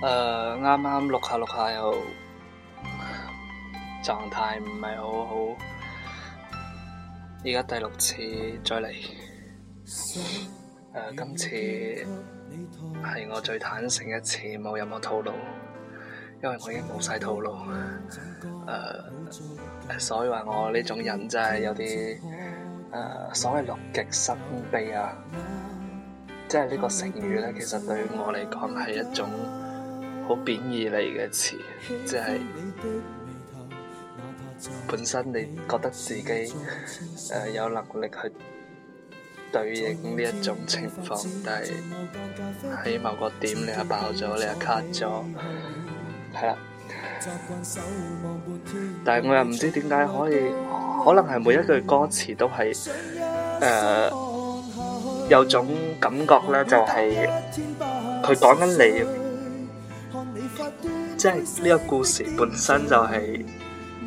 誒，啱啱錄下錄下又狀態唔係好好，而家第六次再嚟，誒、uh, 今次係我最坦誠一次，冇任何套路，因為我已經冇晒套路，誒、uh，所以話我呢種人真係有啲誒、uh, 所謂樂極生悲啊，即係呢個成語咧，其實對我嚟講係一種。好貶義嚟嘅詞，即係本身你覺得自己誒有能力去對應呢一種情況，但係喺某個點你又爆咗，你又卡咗，係啦。但係我又唔知點解可以，可能係每一句歌詞都係誒有種感覺咧，就係佢講緊你。即係呢個故事本身就係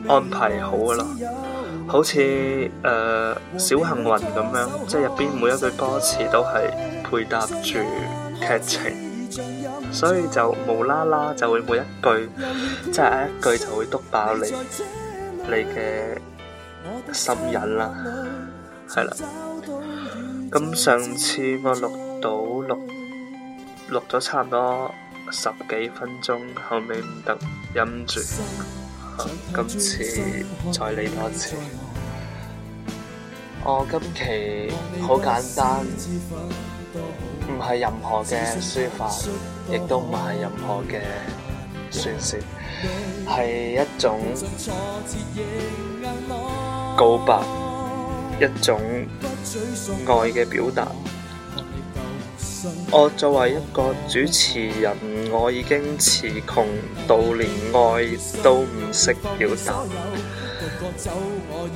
安排好噶啦，好似誒小幸運咁樣，即係入邊每一句歌詞都係配搭住劇情，所以就無啦啦就會每一句，即係一句就會督爆你你嘅心癮啦，係啦。咁上次我錄到錄錄咗差唔多。十幾分鐘，後尾唔得忍住，今次再嚟多次。我、哦、今期好簡單，唔係任何嘅說法，亦都唔係任何嘅宣洩，係一種告白，一種愛嘅表達。我作為一個主持人，我已經詞窮到連愛都唔識表達，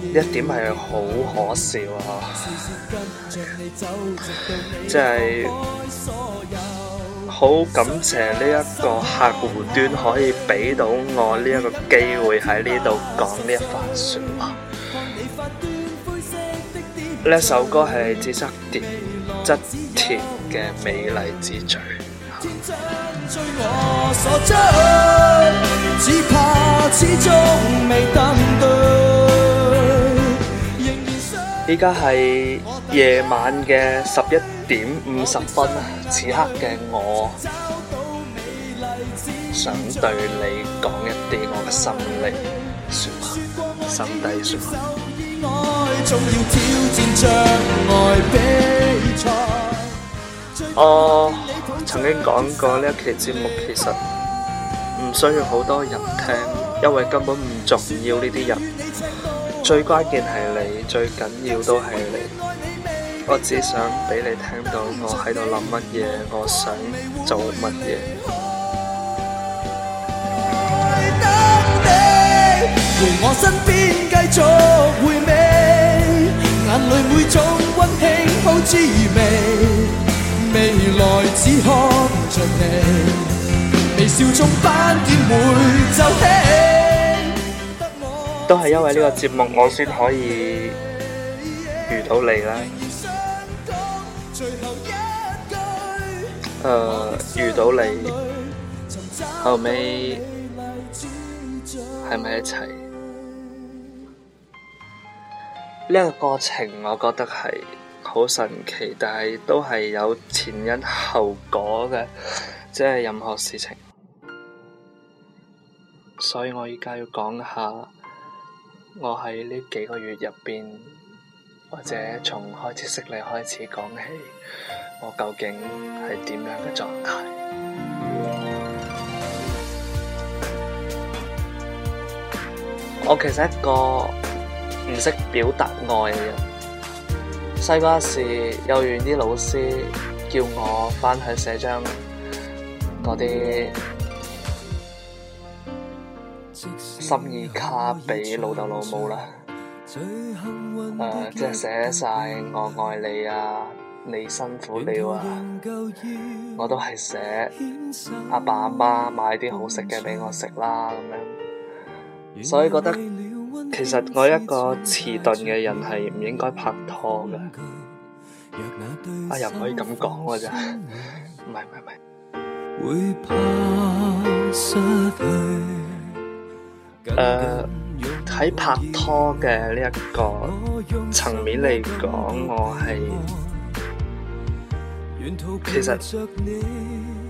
一點係好可笑啊！即係好感謝呢一個客戶端可以俾到我呢一個機會喺呢度講呢一番說話。呢首歌係《側田》，側田。美麗之最。依家係夜晚嘅十一點五十分啊！此刻嘅我，想對你講一啲我嘅心裏說話，心底說話。我、oh，曾經講過呢一期節目其實唔需要好多人聽，因為根本唔重要呢啲人。最關鍵係你，最緊要都係你。我只想俾你聽到我喺度諗乜嘢，我想做乜嘢。等你，伴我身邊繼續回味，眼裡每種溫馨好滋味。嗯、都係因為呢個節目，我先可以遇到你啦。遇到你，、呃、遇到你後尾係咪一齊？呢、這個過程我覺得係。好神奇，但係都係有前因後果嘅，即係任何事情。所以我而家要講下，我喺呢幾個月入邊，或者從開始識你開始講起，我究竟係點樣嘅狀態？我其實一個唔識表達愛嘅人。細個時，幼兒園啲老師叫我返去寫張嗰啲心意卡畀老豆老母啦。誒、啊，即、就、係、是、寫晒「我愛你啊，你辛苦了啊，我都係寫阿爸阿媽，媽買啲好食嘅畀我食啦咁樣，所以覺得。其實我一個遲鈍嘅人係唔應該拍拖嘅，啊又唔可以咁講噶咋？唔係唔係唔係。誒，喺、呃、拍拖嘅呢一個層面嚟講，我係其實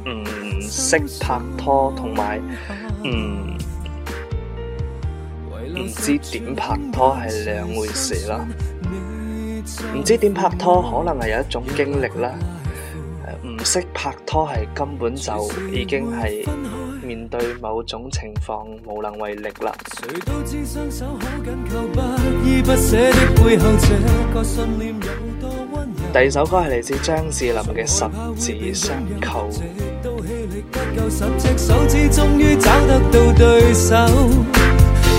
唔識、嗯、拍拖同埋唔。唔知點拍拖係兩回事啦，唔知點拍拖可能係有一種經歷啦，唔識拍拖係根本就已經係面對某種情況無能為力啦。第二首歌係嚟自張智霖嘅《十指相扣》。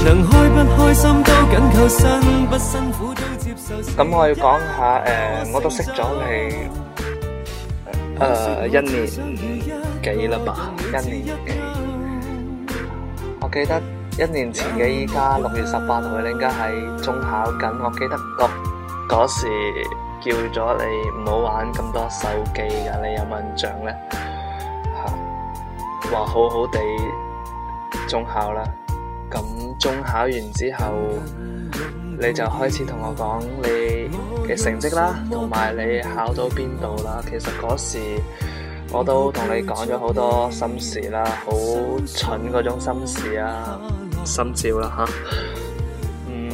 咁我要講下誒，我都識咗你誒一年幾啦吧，一年幾。我記得一年前嘅依家六月十八號咧，應該喺中考緊。我記得嗰嗰時叫咗你唔好玩咁多手機噶，你有印象咧？吓，話好好地中考啦。中考完之後，你就開始同我講你嘅成績啦，同埋你考到邊度啦。其實嗰時我都同你講咗好多心事啦，好蠢嗰種心事啊，心照啦吓。嗯，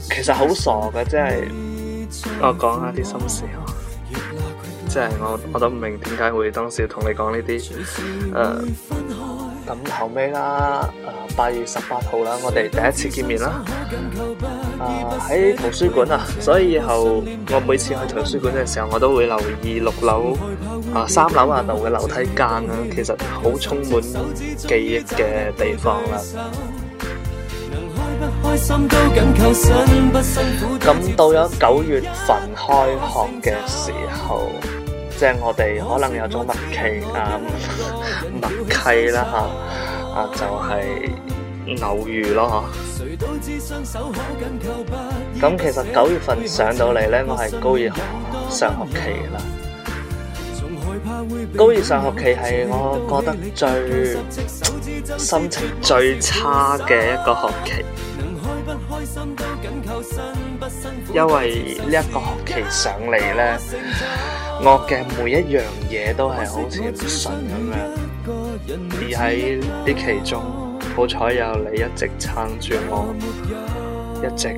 其實好傻嘅，即係我講下啲心事啊，即係我我都唔明點解會當時同你講呢啲，誒、呃。咁後尾啦，八月十八號啦，我哋第一次見面啦，誒喺、啊、圖書館啊，所以以後我每次去圖書館嘅時候，我都會留意六樓啊三樓啊度嘅樓梯間啊，其實好充滿記憶嘅地方啦。咁 到咗九月份開學嘅時候。即係我哋可能有種默契啊，默契啦吓，啊就係偶遇咯嗬。咁其實九月份上到嚟咧，我係高二上學期啦。高二上學期係我覺得最心情最差嘅一個學期，因為呢一個學期上嚟咧。我嘅每一樣嘢都係好似神咁樣，而喺呢其中，好彩有你一直撐住我，一直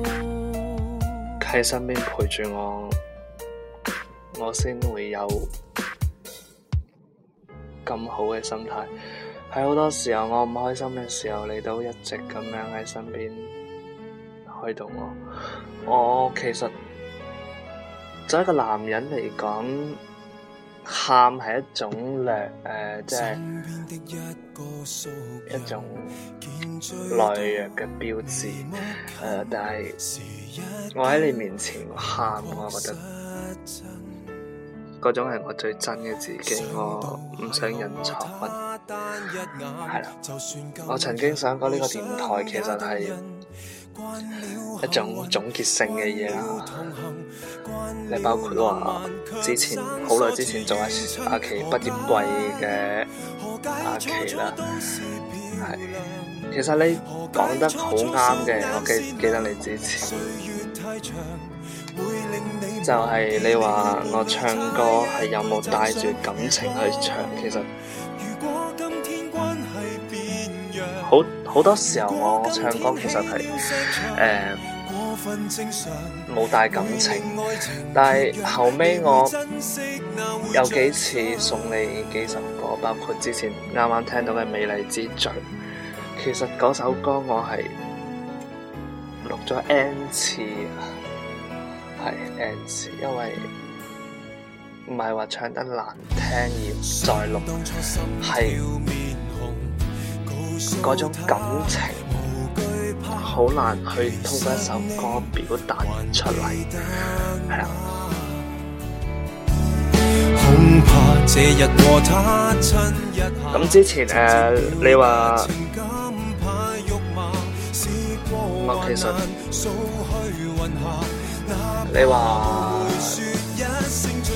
喺身邊陪住我，我先會有咁好嘅心態。喺好多時候我唔開心嘅時候，你都一直咁樣喺身邊開導我。我其實。作為一個男人嚟講，喊係一種略誒、呃，即係一種懦弱嘅標誌。誒、呃，但係我喺你面前喊，我覺得嗰、嗯、種係我最真嘅自己，我唔想隱藏。係 啦，我曾經上過呢個電台其實係。一種總結性嘅嘢啦，你包括話之前好耐之前做阿阿琪畢業季嘅阿琪啦，係，其實你講得好啱嘅，我記記得你之前，就係、是、你話我唱歌係有冇帶住感情去唱，其實。好多時候我唱歌其實係誒冇帶感情，但係後尾我有幾次送你幾首歌，包括之前啱啱聽到嘅《美麗之最》，其實嗰首歌我係錄咗 N 次，係 N 次，因為唔係話唱得難聽而再錄，係。嗰種感情好難去通過一首歌表達出嚟，係啦。咁之前誒，你話，咁其實你話，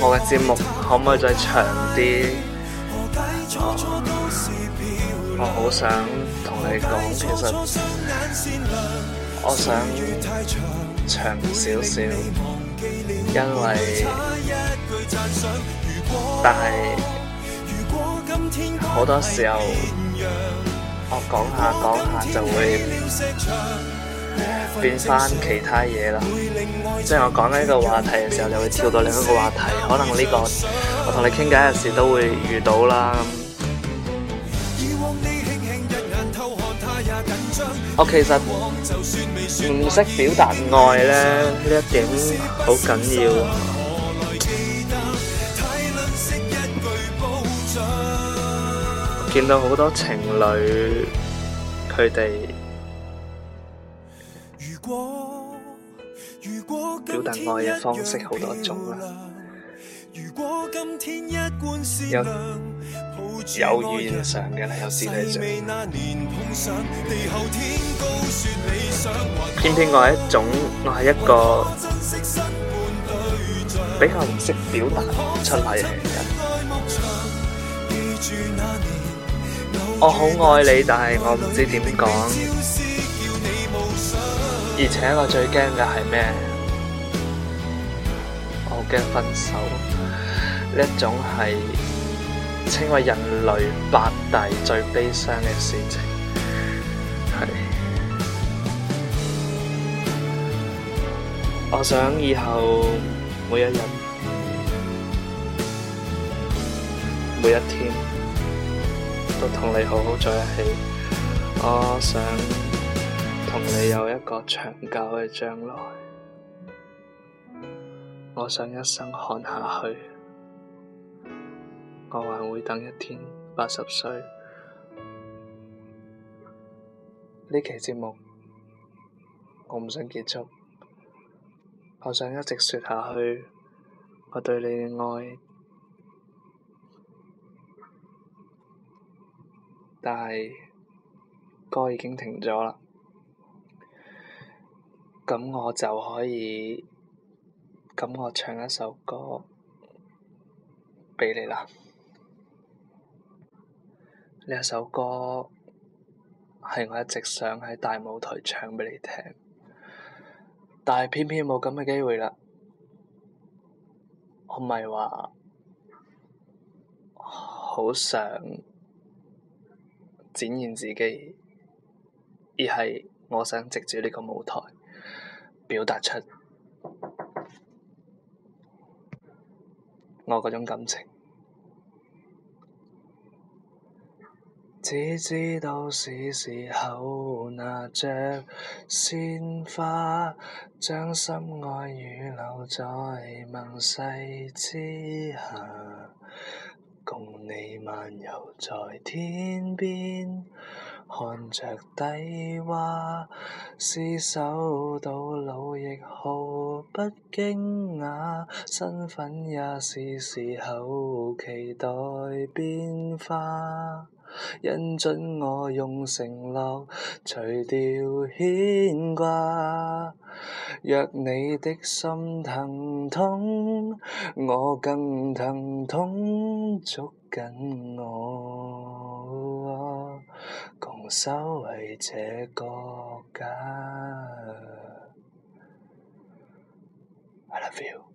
我嘅節目可唔可以再長啲？我好想同你講，其實我想長少少，因為但係好多時候我講下講下就會變翻其他嘢啦。即係我講緊呢個話題嘅時候，就會跳到另一個話題。可能呢個我同你傾偈嘅時候都會遇到啦。我其實唔識表達愛咧，呢一點好緊要。我見到好多情侶，佢哋表達愛嘅方式好多種啦。有。有語言上嘅咧，有身體上。偏偏我係一種，我係一個比較唔識表達出嚟嘅人。我好愛你，但係我唔知點講。而且我最驚嘅係咩？我好驚分手呢一種係。稱為人類八大最悲傷嘅事情，係。我想以後每一日，每一天都同你好好在一起。我想同你有一個長久嘅將來。我想一生看下去。我還會等一天，八十歲。呢期節目我唔想結束，我想一直説下去，我對你嘅愛，但係歌已經停咗啦，咁我就可以，咁我唱一首歌畀你啦。呢一首歌係我一直想喺大舞台唱畀你聽，但係偏偏冇咁嘅機會啦。我唔係話好想展現自己，而係我想藉住呢個舞台表達出我嗰種感情。只知道是時候拿著鮮花，將心愛預留在盟誓之下，共你漫遊在天邊，看着低洼，廝守到老亦毫不驚訝，身份也是時候期待變化。恩準我用承諾除掉牽掛，若你的心疼痛，我更疼痛。捉緊我，共守衛這個家。I love you。